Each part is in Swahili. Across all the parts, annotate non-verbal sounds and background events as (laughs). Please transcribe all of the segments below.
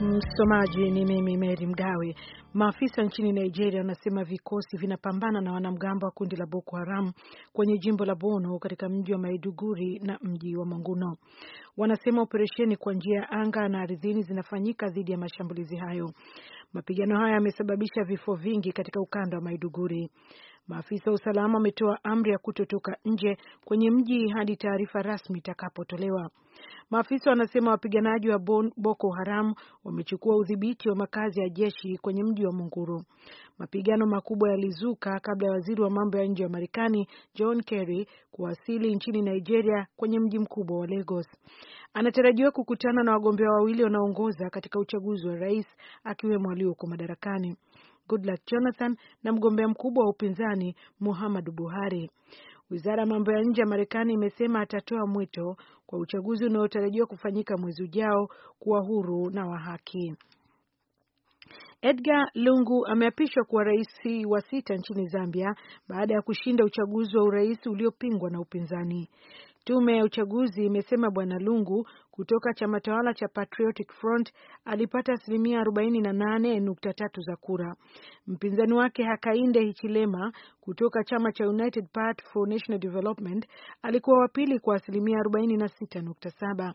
Msomaji ni mimi Meri Mgawe. Maafisa nchini Nigeria wanasema vikosi vinapambana na wanamgambo wa kundi la Boko Haram kwenye jimbo la bono katika mji wa Maiduguri na mji wa Manguno. Wanasema operesheni kwa njia ya anga na ardhini zinafanyika dhidi ya mashambulizi hayo. Mapigano haya yamesababisha vifo vingi katika ukanda wa Maiduguri. Maafisa wa usalama wametoa amri ya kutotoka nje kwenye mji hadi taarifa rasmi itakapotolewa. Maafisa wanasema wapiganaji wa Boko Haram wamechukua udhibiti wa makazi ya jeshi kwenye mji wa Munguru. Mapigano makubwa yalizuka kabla ya waziri wa mambo ya nje wa Marekani John Kerry kuwasili nchini Nigeria kwenye mji mkubwa wa Lagos. Anatarajiwa kukutana na wagombea wawili wanaoongoza katika uchaguzi wa rais akiwemo aliyoko madarakani Goodluck Jonathan na mgombea mkubwa wa upinzani Muhammadu Buhari. Wizara ya mambo ya nje ya Marekani imesema atatoa mwito kwa uchaguzi unaotarajiwa kufanyika mwezi ujao kuwa huru na wa haki. Edgar Lungu ameapishwa kuwa rais wa sita nchini Zambia baada ya kushinda uchaguzi wa urais uliopingwa na upinzani. Tume ya uchaguzi imesema Bwana Lungu kutoka chama tawala cha Patriotic Front alipata asilimia 48.3 za kura. Mpinzani wake Hakainde Hichilema kutoka chama cha United Party for National Development alikuwa wa pili kwa asilimia 46.7.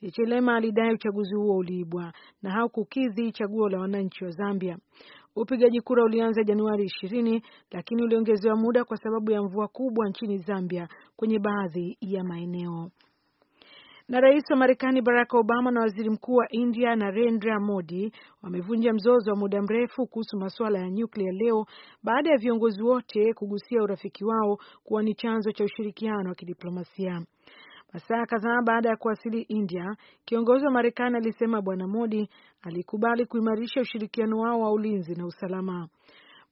Hichilema alidai uchaguzi huo uliibwa na haukukidhi chaguo la wananchi wa Zambia. Upigaji kura ulianza Januari ishirini lakini uliongezewa muda kwa sababu ya mvua kubwa nchini Zambia kwenye baadhi ya maeneo. Na rais wa Marekani Barack Obama na waziri mkuu wa India Narendra Modi wamevunja mzozo wa muda mrefu kuhusu masuala ya nyuklia leo baada ya viongozi wote kugusia urafiki wao kuwa ni chanzo cha ushirikiano wa kidiplomasia saa kadhaa baada ya kuwasili India, kiongozi wa Marekani alisema Bwana Modi alikubali kuimarisha ushirikiano wao wa ulinzi na usalama.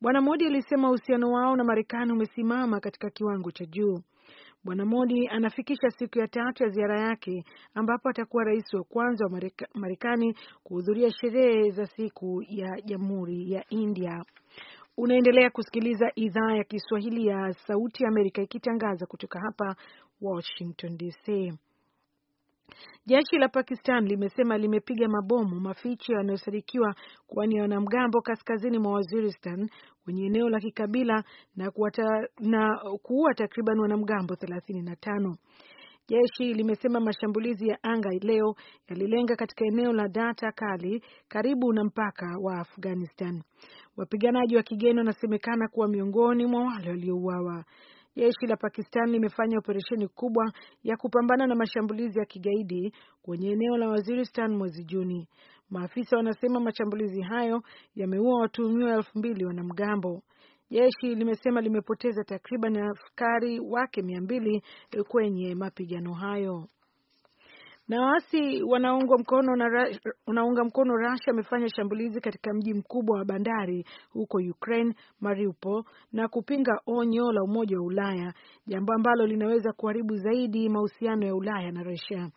Bwana Modi alisema uhusiano wao na Marekani umesimama katika kiwango cha juu. Bwana Modi anafikisha siku ya tatu ya ziara yake ambapo atakuwa rais wa kwanza wa Marekani kuhudhuria sherehe za siku ya Jamhuri ya India. Unaendelea kusikiliza idhaa ya Kiswahili ya Sauti ya Amerika ikitangaza kutoka hapa Washington DC. Jeshi la Pakistan limesema limepiga mabomu maficho yanayosadikiwa kuwa ni wanamgambo kaskazini mwa Waziristan kwenye eneo la kikabila na kuua takriban wanamgambo tano Jeshi limesema mashambulizi ya anga leo yalilenga katika eneo la data kali karibu na mpaka wa Afghanistan. Wapiganaji wa kigeni wanasemekana kuwa miongoni mwa wale waliouawa. Jeshi la Pakistan limefanya operesheni kubwa ya kupambana na mashambulizi ya kigaidi kwenye eneo la Waziristan mwezi Juni. Maafisa wanasema mashambulizi hayo yameua watuhumiwa elfu mbili wanamgambo. Jeshi limesema limepoteza takriban askari wake mia mbili eh, kwenye mapigano hayo. Na waasi wanaunga mkono na unaunga mkono Russia amefanya shambulizi katika mji mkubwa wa bandari huko Ukraine Mariupol, na kupinga onyo la Umoja wa Ulaya, jambo ambalo linaweza kuharibu zaidi mahusiano ya Ulaya na Russia.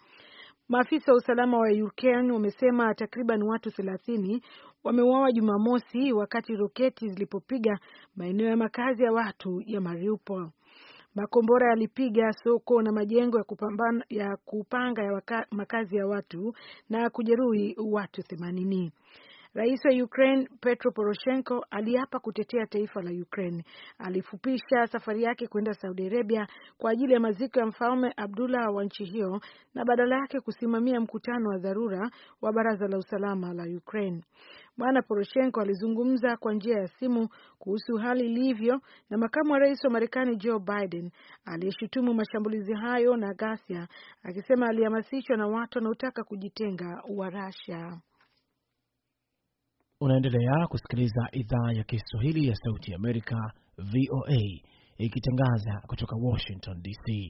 Maafisa wa usalama wa Ukraine wamesema takriban watu thelathini wameuawa Jumamosi wakati roketi zilipopiga maeneo ya makazi ya watu ya Mariupol. Makombora yalipiga soko na majengo ya, kupambana, ya kupanga ya waka, makazi ya watu na kujeruhi watu themanini. Rais wa Ukraine Petro Poroshenko aliapa kutetea taifa la Ukraine. Alifupisha safari yake kwenda Saudi Arabia kwa ajili ya maziko ya mfalme Abdullah wa nchi hiyo na badala yake kusimamia mkutano wa dharura wa Baraza la Usalama la Ukraine. Bwana Poroshenko alizungumza kwa njia ya simu kuhusu hali ilivyo na makamu wa rais wa Marekani Joe Biden aliyeshutumu mashambulizi hayo na ghasia, akisema alihamasishwa na watu wanaotaka kujitenga wa Russia. Unaendelea kusikiliza idhaa ya Kiswahili ya Sauti ya Amerika, VOA, ikitangaza kutoka Washington DC.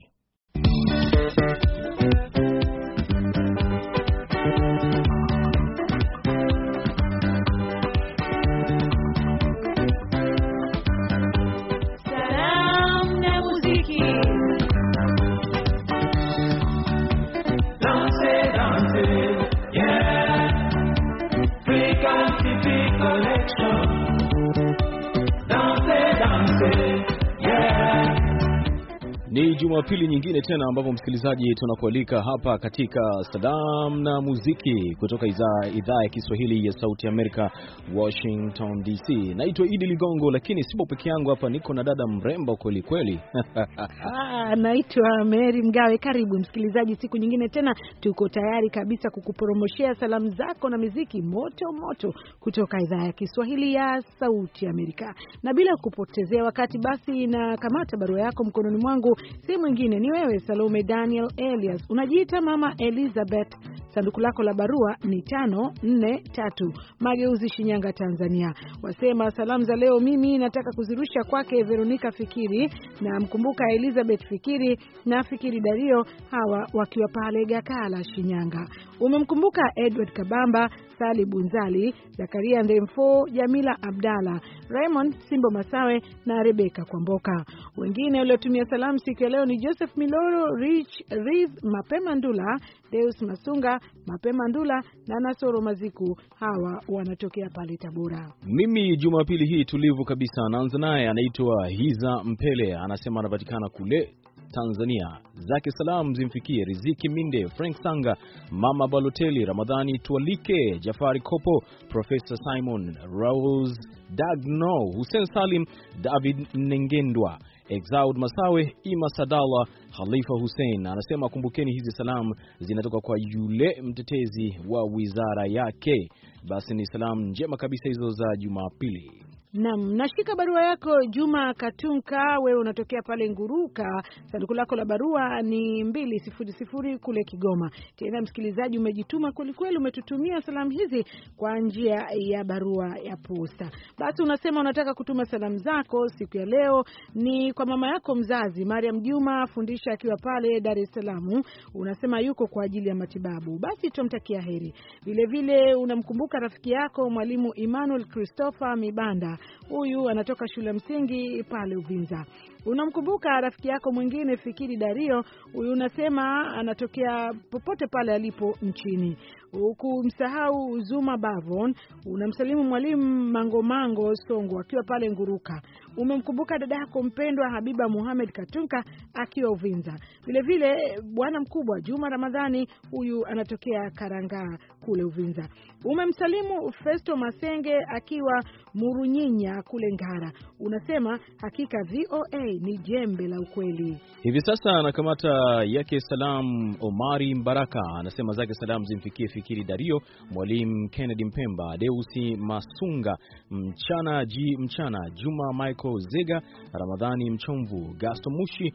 你 Jumapili nyingine tena ambapo msikilizaji, tunakualika hapa katika salam na Muziki kutoka idhaa ya Kiswahili ya Sauti ya Amerika, Washington DC. Naitwa Idi Ligongo, lakini sipo peke yangu hapa, niko na dada mrembo kweli kweli. (laughs) Ah, naitwa Mary Mgawe. Karibu msikilizaji, siku nyingine tena, tuko tayari kabisa kukupromoshea salamu zako na muziki moto moto kutoka idhaa ya Kiswahili ya Sauti ya Amerika. Na bila kupotezea wakati, basi na kamata barua yako mkononi mwangu si mwingine ni wewe Salome Daniel Elias, unajiita Mama Elizabeth. Sanduku lako la barua ni tano nne tatu Mageuzi, Shinyanga, Tanzania. Wasema salamu za leo mimi nataka kuzirusha kwake Veronika Fikiri na mkumbuka Elizabeth Fikiri na Fikiri Dario, hawa wakiwa pale Gakala, Shinyanga. Umemkumbuka Edward Kabamba Sali Bunzali, Zakaria Ndemfo, Jamila Abdala, Raymond Simbo Masawe na Rebeka Kwamboka. Wengine waliotumia salamu siku ya leo ni Joseph Miloro, Rich Riz, Mapema Ndula, Deus Masunga, Mapema Ndula na Nasoro Maziku. Hawa wanatokea pale Tabora. Mimi Jumapili hii tulivu kabisa, naanza naye anaitwa Hiza Mpele, anasema anapatikana kule Tanzania. Zake salam zimfikie Riziki Minde, Frank Sanga, Mama Baloteli, Ramadhani Tualike, Jafari Kopo, Profesa Simon Rose, Dagno, Hussein Salim, David Nengendwa, Exaud Masawe, Ima Sadala, Khalifa Hussein. Anasema kumbukeni hizi salamu zinatoka kwa yule mtetezi wa wizara yake. Basi ni salamu njema kabisa hizo za Jumapili. Naam, nashika barua yako Juma Katunka, wewe unatokea pale Nguruka. Sanduku lako la barua ni mbili sifuri sifuri kule Kigoma. Tena msikilizaji, umejituma kwelikweli, umetutumia salamu hizi kwa njia ya barua ya posta. Basi unasema unataka kutuma salamu zako siku ya leo ni kwa mama yako mzazi Mariam Juma Fundisha akiwa pale Dar es Salaam. Unasema yuko kwa ajili ya matibabu, basi tutamtakia heri. Vilevile unamkumbuka rafiki yako mwalimu Emmanuel Christopher Mibanda Huyu anatoka shule msingi pale Uvinza. Unamkumbuka rafiki yako mwingine Fikiri Dario, huyu unasema anatokea popote pale alipo nchini. Ukumsahau Zuma Bavon, unamsalimu mwalimu Mangomango Songo akiwa pale Nguruka, umemkumbuka dada yako mpendwa Habiba Muhamed Katunka akiwa Uvinza, vilevile bwana mkubwa Juma Ramadhani, huyu anatokea Karangaa kule Uvinza. Umemsalimu Festo Masenge akiwa Murunyinya kule Ngara, unasema hakika VOA ni jembe la ukweli. Hivi sasa anakamata yake salam Omari Mbaraka, anasema zake salam zimfikie Fikiri Dario, Mwalimu Kennedy Mpemba, Deusi Masunga, Mchana G Mchana, Juma Michael Zega, Ramadhani Mchomvu, Gasto Mushi,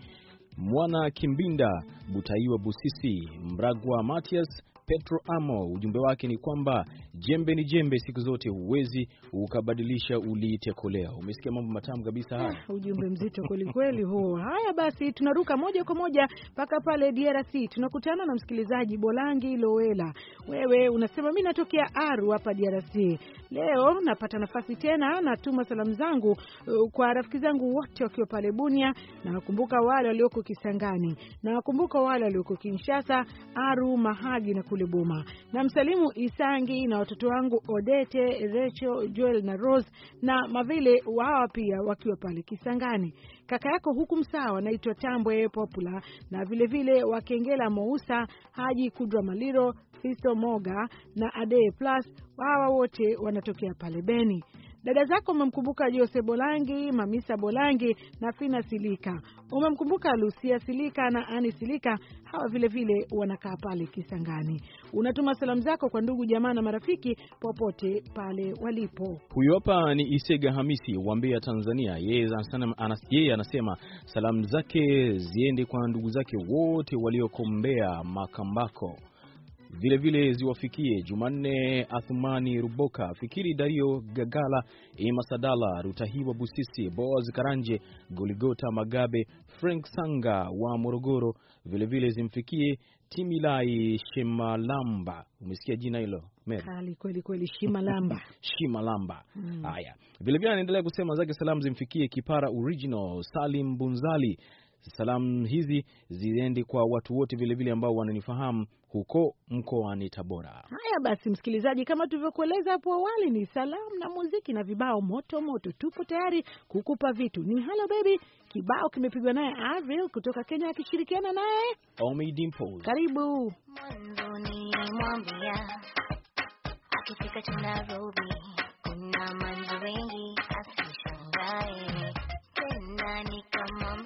Mwana Kimbinda, Butaiwa Busisi, Mragwa Matias Petro Amo. Ujumbe wake ni kwamba jembe ni jembe siku zote, huwezi ukabadilisha uliite kolea. Umesikia mambo matamu kabisa haya. Ha, eh, ujumbe mzito kwelikweli huo. Haya basi, tunaruka moja kwa moja mpaka pale DRC. Tunakutana na msikilizaji Bolangi Lowela. Wewe unasema mi natokea Aru hapa DRC. Leo napata nafasi tena, natuma salamu zangu uh, kwa rafiki zangu wote wakiwa pale Bunia, na wale walioko Kisangani, na wakumbuka wale walioko Kinshasa, Aru, Mahagi na kule Boma. Namsalimu Isangi na watoto wangu Odete, Recho, Joel na Rose na mavile wao pia wakiwa pale Kisangani. Kaka yako huku msawa anaitwa Tambwe Popular na vilevile vile Wakengela Mousa, Haji Kudra Maliro, Fisto Moga na Ade Plus, hawa wote wanatokea pale Beni. Dada zako umemkumbuka Jose Bolangi, Mamisa Bolangi na Fina Silika, umemkumbuka Lucia Silika na Ani Silika, hawa vilevile wanakaa pale Kisangani. Unatuma salamu zako kwa ndugu jamaa na marafiki popote pale walipo. Huyu hapa ni Isega Hamisi wa Mbeya, Tanzania. Yeye yeye anasema salamu zake ziende kwa ndugu zake wote walioko Mbeya Makambako vilevile ziwafikie Jumanne Athumani Ruboka, Fikiri Dario, Gagala imasadala Rutahiwa Busisi, Boaz Karanje, Goligota Magabe, Frank Sanga wa Morogoro, vilevile zimfikie Timilai Shimalamba. Umesikia jina hilo kali kweli kweli, Shimalamba (laughs) Shimalamba. Hmm. Haya, hmm. Vilevile anaendelea kusema zake salamu zimfikie Kipara Original, Salim Bunzali, Salamu hizi ziendi kwa watu wote vilevile ambao wananifahamu huko mkoani Tabora. Haya basi, msikilizaji, kama tulivyokueleza hapo awali, ni salamu na muziki na vibao moto moto. Tupo tayari kukupa vitu. Ni Hello Baby, kibao kimepigwa naye Avril kutoka Kenya akishirikiana naye Omi Dimple. Karibu akifika Nairobi, kuna manji wengi asishangae nyumbani kama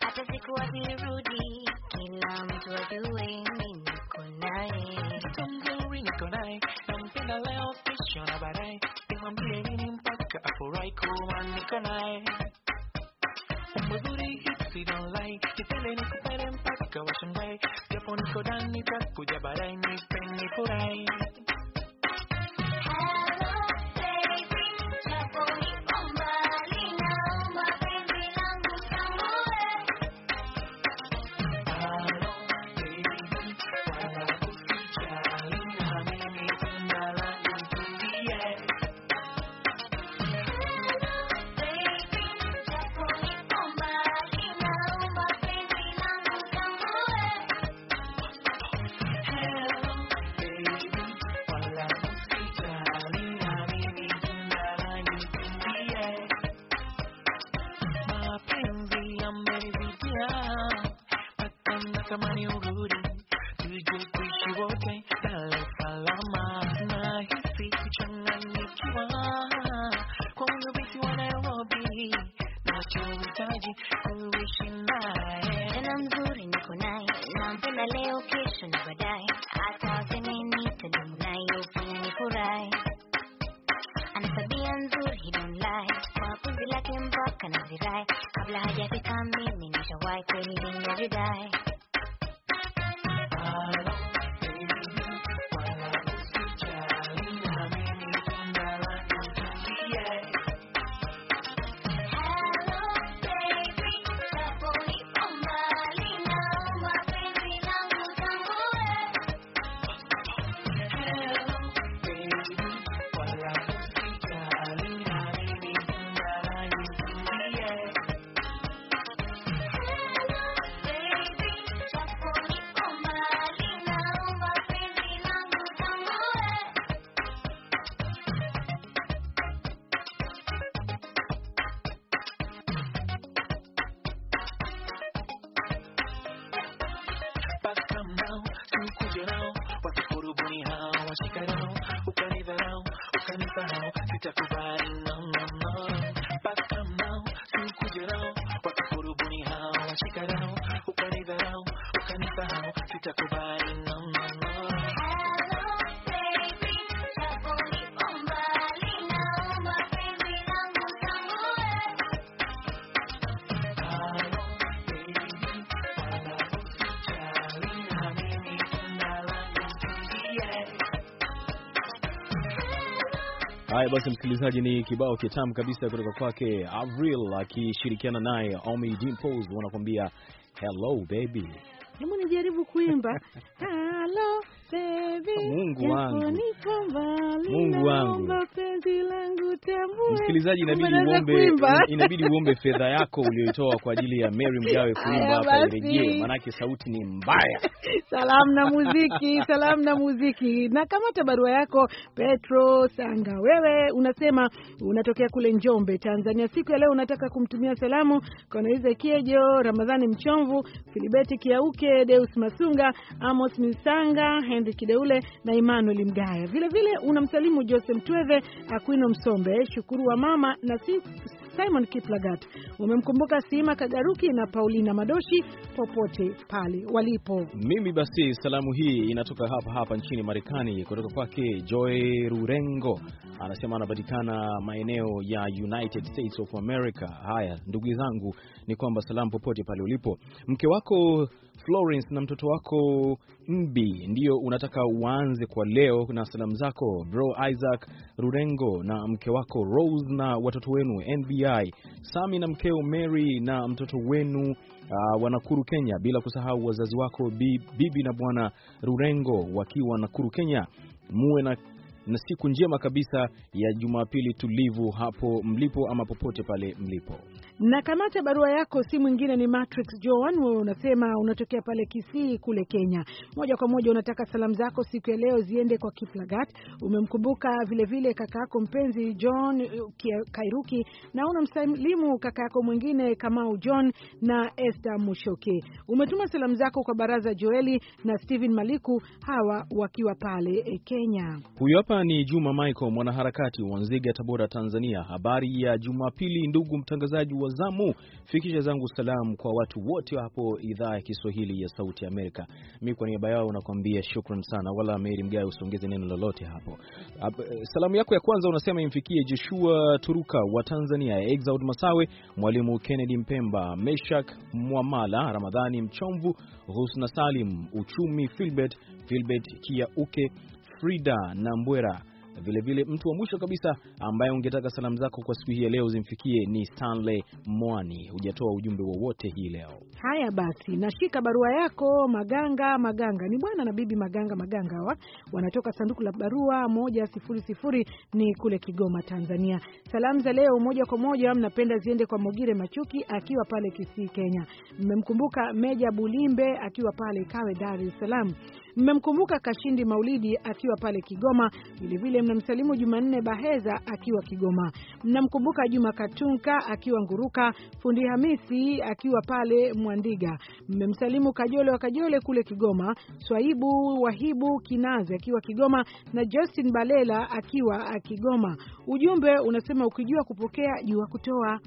hata sikuwa nirudi, kila mtu ajue niko naye, mzuri niko naye, nampenda leo, kesho na baadaye, nimwambie nini mpaka afurahi kuwa niko naye mzuri isidonlai kipele nikupere mpaka washangae japo niko ndani takuja baadaye nipeni furahi Haya basi, msikilizaji, ni kibao kitamu kabisa kutoka kwake Avril akishirikiana naye Omi Dimples, wanakuambia hello baby. Hebu nijaribu kuimba (laughs) Mungu wangu msikilizaji, inabidi uombe fedha yako ulioitoa kwa ajili ya Mary Mgawe kuimba hapa irejee, maanake sauti ni mbaya. (laughs) Salamu na muziki, salamu na muziki. Na kamata barua yako Petro Sanga, wewe unasema unatokea kule Njombe, Tanzania. Siku ya leo unataka kumtumia salamu Konaize Kiejo, Ramadhani Mchomvu, Filibeti Kiauke, Deus Masunga, Amos Misa Karanga, Henry Kideule na Emmanuel Mgaya. Vilevile unamsalimu Jose Mtweve, Akwino Msombe, Shukuru wa mama na Simon Kiplagat. Umemkumbuka Sima Kagaruki na Paulina Madoshi popote pale walipo. Mimi basi salamu hii inatoka hapa hapa nchini Marekani kutoka kwake Joy Rurengo, anasema anapatikana maeneo ya United States of America. Haya ndugu zangu, ni kwamba salamu popote pale ulipo, mke wako Florence na mtoto wako Mbi ndio unataka uanze kwa leo, na salamu zako bro Isaac Rurengo na mke wako Rose na watoto wenu NBI Sami na mkeo Mary na mtoto wenu uh, wa Nakuru Kenya, bila kusahau wazazi wako bibi na bwana Rurengo wakiwa Nakuru Kenya. Muwe na na siku njema kabisa ya Jumapili tulivu hapo mlipo ama popote pale mlipo. Na kamata barua yako, si mwingine ni Matrix Joan. Wewe unasema unatokea pale Kisii kule Kenya, moja kwa moja unataka salamu zako siku ya leo ziende kwa Kiplagat, umemkumbuka vilevile kaka yako mpenzi John uh, Kairuki na unamsalimu kaka yako mwingine Kamau John na Esther Mushoke. Umetuma salamu zako kwa Baraza Joeli na Steven Maliku, hawa wakiwa pale eh, Kenya. Huyu hapa ni Juma Michael, mwanaharakati wa Nziga, Tabora, Tanzania. Habari ya Jumapili ndugu mtangazaji wa zamu, fikisha zangu salamu kwa watu wote hapo idhaa ya Kiswahili ya Sauti Amerika. Mimi kwa niaba yao nakwambia shukran sana, wala Meri Mgawe usiongeze neno lolote hapo. Salamu yako ya kwanza unasema imfikie Joshua Turuka wa Tanzania, Exaud Masawe, Mwalimu Kennedy Mpemba, Meshak Mwamala, Ramadhani Mchomvu, Husna Salim Uchumi, Filbert Filbert Kiauke, Frida Nambwera Vilevile vile, mtu wa mwisho kabisa ambaye ungetaka salamu zako kwa siku hii ya leo zimfikie ni Stanley Mwani, hujatoa ujumbe wowote hii leo. Haya basi, nashika barua yako Maganga Maganga, ni bwana na bibi Maganga Maganga, wa wanatoka sanduku la barua moja sifuri sifuri, ni kule Kigoma, Tanzania. Salamu za leo moja kwa moja mnapenda ziende kwa Mogire Machuki akiwa pale Kisii, Kenya. Mmemkumbuka Meja Bulimbe akiwa pale Kawe, Dar es Salaam. Mmemkumbuka Kashindi Maulidi akiwa pale Kigoma, vilevile mnamsalimu Jumanne Baheza akiwa Kigoma, mnamkumbuka Juma Katunka akiwa Nguruka, fundi Hamisi akiwa pale Mwandiga, mmemsalimu Kajole wa Kajole kule Kigoma, Swaibu Wahibu Kinazi akiwa Kigoma na Justin Balela akiwa Kigoma. Ujumbe unasema ukijua kupokea jua kutoa.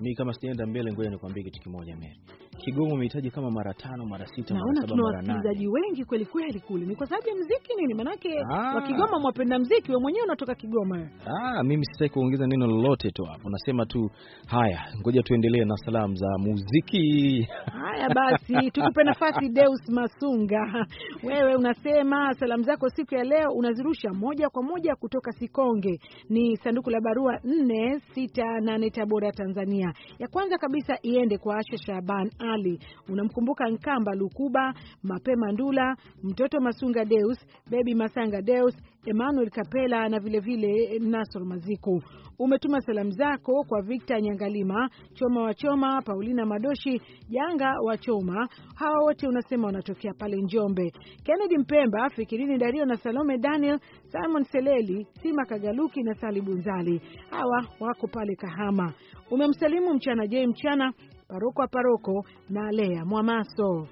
mi kama sitaenda mbele, ngoja nikwambie kitu kimoja Mary, Kigoma umehitaji kama mara tano mara sita mara saba mara nane. Wasikilizaji wengi kweli kweli kule ni kwa sababu ya muziki nini? Manake ah. wa Kigoma mwapenda muziki, wewe mwenyewe unatoka Kigoma. Ah, mimi sitaki kuongeza neno lolote tu hapo, nasema tu haya, ngoja tuendelee na salamu za muziki. (laughs) Haya basi, tukupe nafasi Deus Masunga, wewe unasema salamu zako siku ya leo unazirusha moja kwa moja kutoka Sikonge, ni sanduku la barua 468 Tabora, Tanzania. Ya kwanza kabisa iende kwa Asha Shaban Mali. Unamkumbuka Nkamba Lukuba, Mapema Ndula, Mtoto Masunga Deus, Bebi Masanga Deus, Emmanuel Kapela na vilevile Nasor Maziku. Umetuma salamu zako kwa Victor Nyangalima, Choma wa Choma, Paulina Madoshi, Janga wa Choma. Hawa wote unasema wanatokea pale Njombe. Kennedy Mpemba, Fikirini Dario na Salome Daniel, Simon Seleli, Sima Kagaluki na Sali Bunzali, Hawa wako pale Kahama. Umemsalimu mchana Jei mchana paroko paroko na Lea Mwamaso.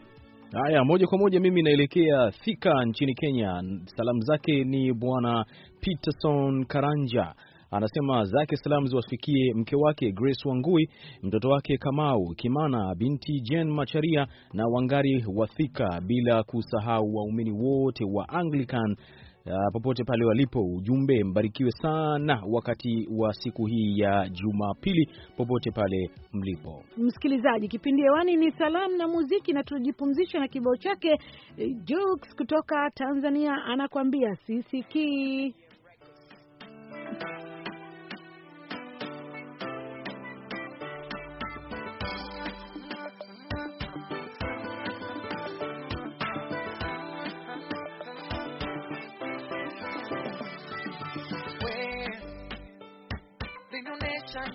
Haya, moja kwa moja mimi naelekea Thika nchini Kenya. Salamu zake ni bwana Peterson Karanja anasema zake salamu ziwafikie mke wake Grace Wangui, mtoto wake Kamau Kimana, binti Jen Macharia na Wangari wa thika bila kusahau waumini wote wa Anglican uh, popote pale walipo, ujumbe mbarikiwe sana wakati wa siku hii ya Jumapili, popote pale mlipo msikilizaji. Kipindi hewani ni salamu na muziki, na tunajipumzisha na kibao chake eh, Jux kutoka Tanzania, anakuambia sisikii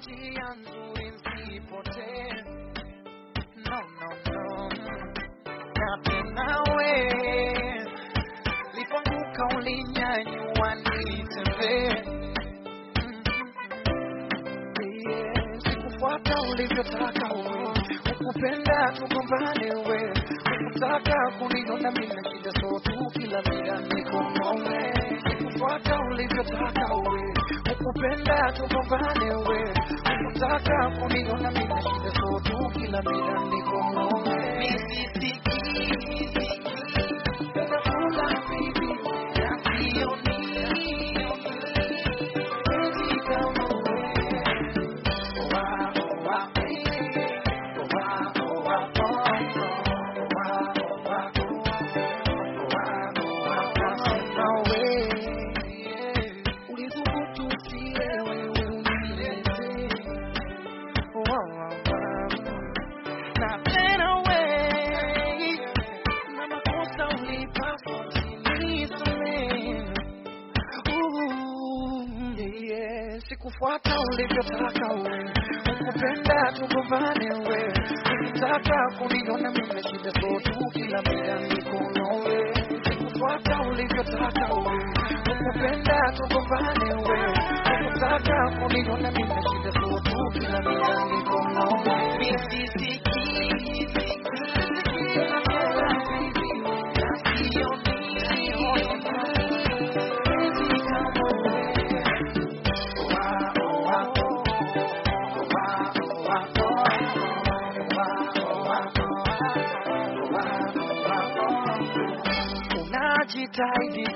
maji yangu isipotee. No, no, no, napenda we lipoanguka ulinyanyua nitembee mm-hmm. sikufuata ulivyotaka wewe, ukupenda tugombane wewe, ukutaka kuniona mimi na kija so tu kila mira niko ngome, sikufuata ulivyotaka wewe kupenda tugombane wewe, unataka kuniona mimi shida zote, kila mimi niko muone kufuata ulivyotaka wewe, ukupenda tukuvane wewe, ukitaka kuniona mimi shida sotu kila mida mikono wewe, kufuata ulivyotaka wewe, ukupenda tukuvane wewe, ukitaka kuniona mimi shida sotu kila mida mikono wewe,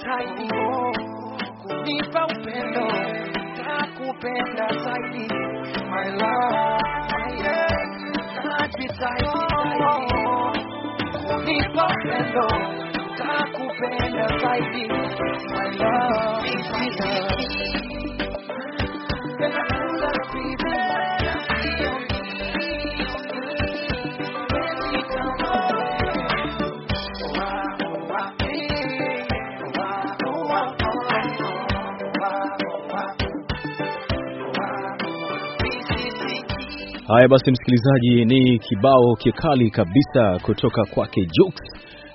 zaidi oh. kunipa upendo takupenda zaidi my love kunipa upendo takupenda zaidi my love Haya basi, msikilizaji, ni kibao kikali kabisa kutoka kwake Jux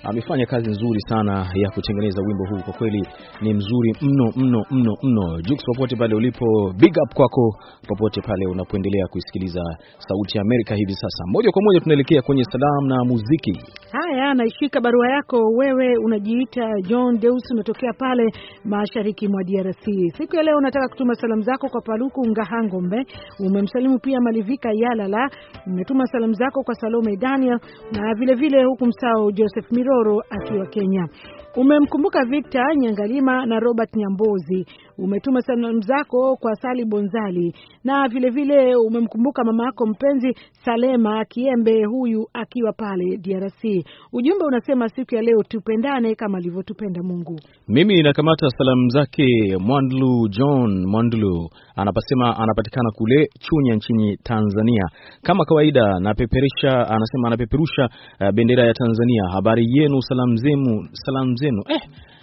amefanya kazi nzuri sana ya kutengeneza wimbo huu, kwa kweli ni mzuri mno mno mno mno. Jux, popote pale ulipo, big up kwako, popote pale unapoendelea kuisikiliza Sauti ya Amerika hivi sasa. Moja kwa moja tunaelekea kwenye salamu na muziki. Haya, naishika barua yako wewe, unajiita John Deus, unatokea pale mashariki mwa DRC. Siku ya leo unataka kutuma salamu zako kwa Paluku Ngahangombe, umemsalimu pia Malivika Yalala, umetuma salamu zako kwa Salome Daniel na vilevile huku msao Joseph Miro Mpororo akiwa Kenya. Umemkumbuka Victor Nyangalima na Robert Nyambozi Umetuma salamu zako kwa Sali Bonzali na vilevile vile umemkumbuka mama yako mpenzi Salema Kiembe, huyu akiwa pale DRC. Ujumbe unasema siku ya leo tupendane kama alivyotupenda Mungu. Mimi nakamata salamu zake Mwandlu John Mwandlu, anapasema anapatikana kule Chunya nchini Tanzania. Kama kawaida napeperisha anasema anapeperusha eh, bendera ya Tanzania. Habari yenu, salamu zenu, salamu zenu eh.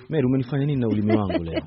Mary, umenifanya nini na ulimi wangu leo?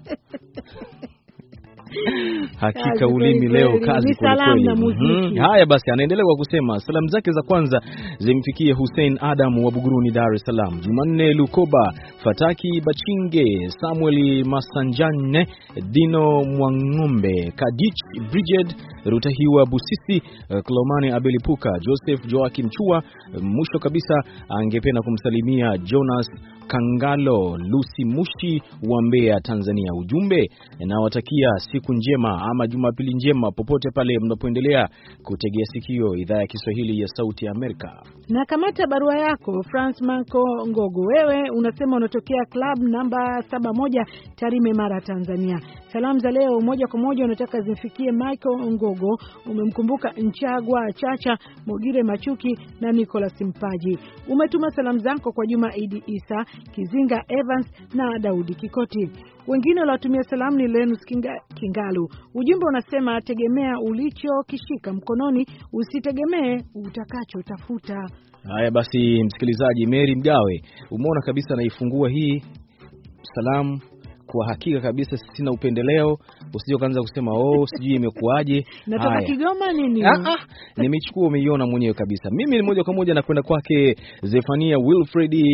(laughs) Hakika ulimi leo kazi kwelikweli. Mhm. Haya basi, anaendelea kwa kusema salamu zake za kwanza zimfikie Hussein Adam wa Buguruni, Dar es Salaam, Jumanne Lukoba, Fataki Bachinge, Samuel Masanjane, Dino Mwang'ombe, Kadich Bridget Rutahiwa Busisi, eh, Klomane Abelipuka, Joseph Joakim Chua. Mwisho kabisa, angependa kumsalimia Jonas Kangalo Lusi Mushi wa Mbeya, Tanzania. Ujumbe nawatakia siku njema ama Jumapili njema popote pale mnapoendelea kutegea sikio idhaa ya Kiswahili ya Sauti ya Amerika. Na kamata barua yako Franc Marco Ngogo, wewe unasema unatokea klab namba 71 Tarime, Mara, Tanzania. Salamu za leo moja kwa moja unataka zimfikie Michael Ngogo, umemkumbuka Nchagwa Chacha Mogire Machuki na Nicolas Mpaji. Umetuma salamu zako kwa Juma Idi Isa Kizinga Evans na Daudi Kikoti. Wengine waliotumia salamu ni Lenus Kinga, Kingalu. Ujumbe unasema tegemea ulichokishika mkononi, usitegemee utakachotafuta. Haya basi, msikilizaji Mary Mgawe, umeona kabisa naifungua hii salamu. Kwa hakika kabisa sina upendeleo, usije kaanza kusema oh, sijui imekuaje (laughs) natoka Kigoma nini. Ah, ah, nimechukua umeiona mwenyewe kabisa. Mimi moja kwa moja nakwenda kwake Zefania Wilfredi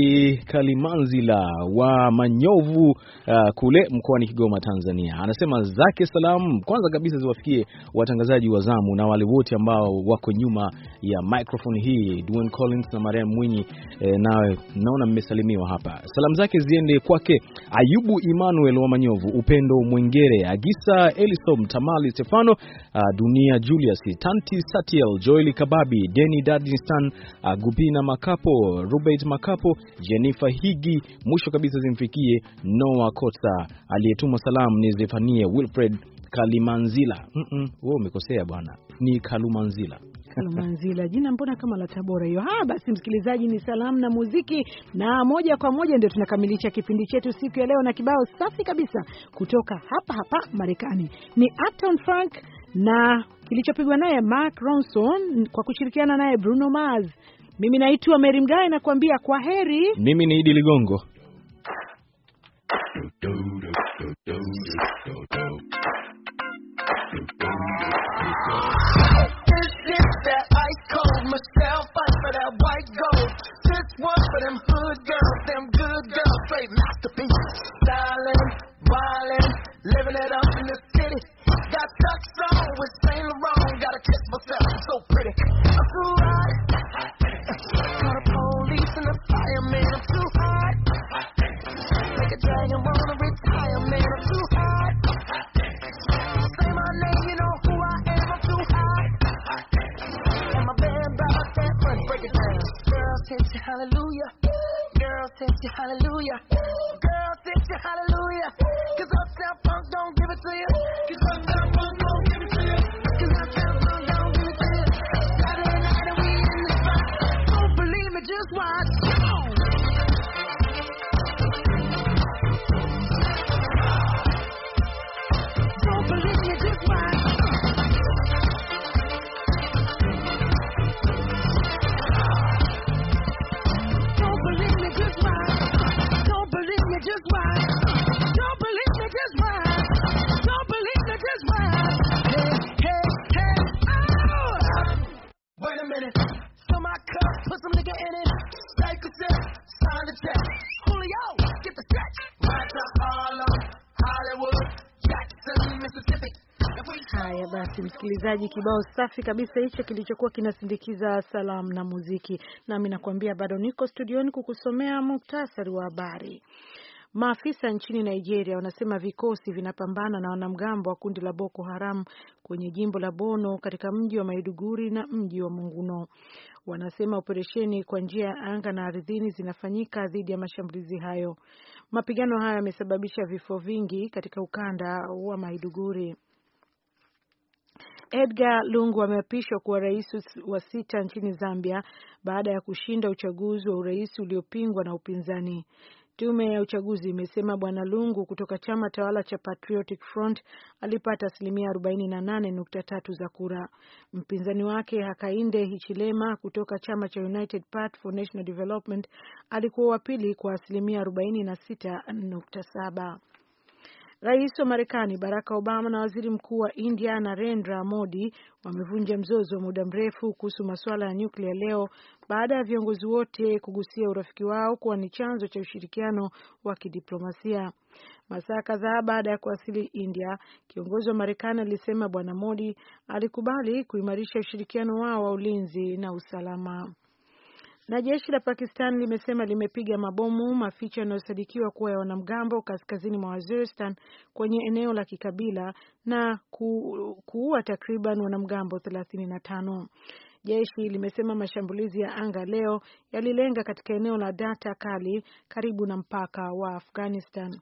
Kalimanzila wa Manyovu, uh, kule mkoani Kigoma, Tanzania. Anasema zake salamu kwanza kabisa ziwafikie watangazaji wa zamu na wale wote ambao wako nyuma ya microphone hii, Dwayne Collins na Mariam Mwinyi, eh, na naona mmesalimiwa hapa. Salamu zake ziende kwake Ayubu Emmanuel wa Manyovu, Upendo Mwengere, Agisa Musa, Elisom Tamali, Stefano ah, Dunia, Julius Tanti, Satiel Joeli, Kababi Deni, uh, ah, Gubina, Makapo Rubert Makapo, Jennifer Higi. Mwisho kabisa zimfikie Noah Kotsa, aliyetuma salamu ni Zefania Wilfred Kalimanzila. Mm -mm, wewe umekosea bwana, ni Kalumanzila. Lumanzila, jina mbona kama la Tabora hiyo. Ah, basi msikilizaji, ni salamu na muziki, na moja kwa moja ndio tunakamilisha kipindi chetu siku ya leo na kibao safi kabisa kutoka hapa hapa Marekani. Ni aton frank na kilichopigwa naye Mark Ronson kwa kushirikiana naye Bruno Mars. Mimi naitwa mary Mgawe na kuambia kwa heri. Mimi ni Idi Ligongo. msikilizaji, kibao safi kabisa hicho kilichokuwa kinasindikiza salamu na muziki. Nami nakwambia bado niko studioni kukusomea muktasari wa habari. Maafisa nchini Nigeria wanasema vikosi vinapambana na wanamgambo wa kundi la Boko Haram kwenye jimbo la Bono katika mji wa Maiduguri na mji wa Munguno. Wanasema operesheni kwa njia ya anga na ardhini zinafanyika dhidi ya mashambulizi hayo. Mapigano hayo yamesababisha vifo vingi katika ukanda wa Maiduguri. Edgar Lungu ameapishwa kuwa rais wa sita nchini Zambia baada ya kushinda uchaguzi wa urais uliopingwa na upinzani. Tume ya uchaguzi imesema bwana Lungu kutoka chama tawala cha Patriotic Front alipata asilimia 48.3 za kura. Mpinzani wake Hakainde Hichilema kutoka chama cha United Path for National Development alikuwa wa pili kwa asilimia 46.7. Rais wa Marekani Barack Obama na waziri mkuu wa India Narendra Modi wamevunja mzozo wa muda mrefu kuhusu masuala ya nyuklia leo baada ya viongozi wote kugusia urafiki wao kuwa ni chanzo cha ushirikiano wa kidiplomasia. Masaa kadhaa baada ya kuwasili India, kiongozi wa Marekani alisema Bwana Modi alikubali kuimarisha ushirikiano wao wa ulinzi na usalama. Na jeshi la Pakistan limesema limepiga mabomu maficho yanayosadikiwa kuwa ya wanamgambo kaskazini mwa Waziristan kwenye eneo la kikabila na ku, kuua takriban wanamgambo 35. Jeshi limesema mashambulizi ya anga leo yalilenga katika eneo la data kali karibu na mpaka wa Afghanistan.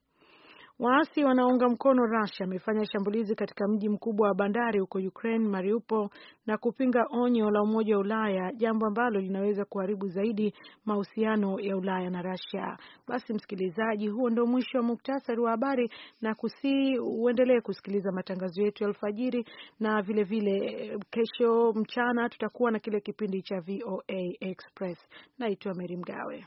Waasi wanaounga mkono Russia wamefanya shambulizi katika mji mkubwa wa bandari huko Ukraine, Mariupol, na kupinga onyo la Umoja wa Ulaya, jambo ambalo linaweza kuharibu zaidi mahusiano ya Ulaya na Russia. Basi msikilizaji, huo ndio mwisho wa muktasari wa habari, na kusii uendelee kusikiliza matangazo yetu ya alfajiri, na vilevile vile, kesho mchana tutakuwa na kile kipindi cha VOA Express. Naitwa mary Mgawe.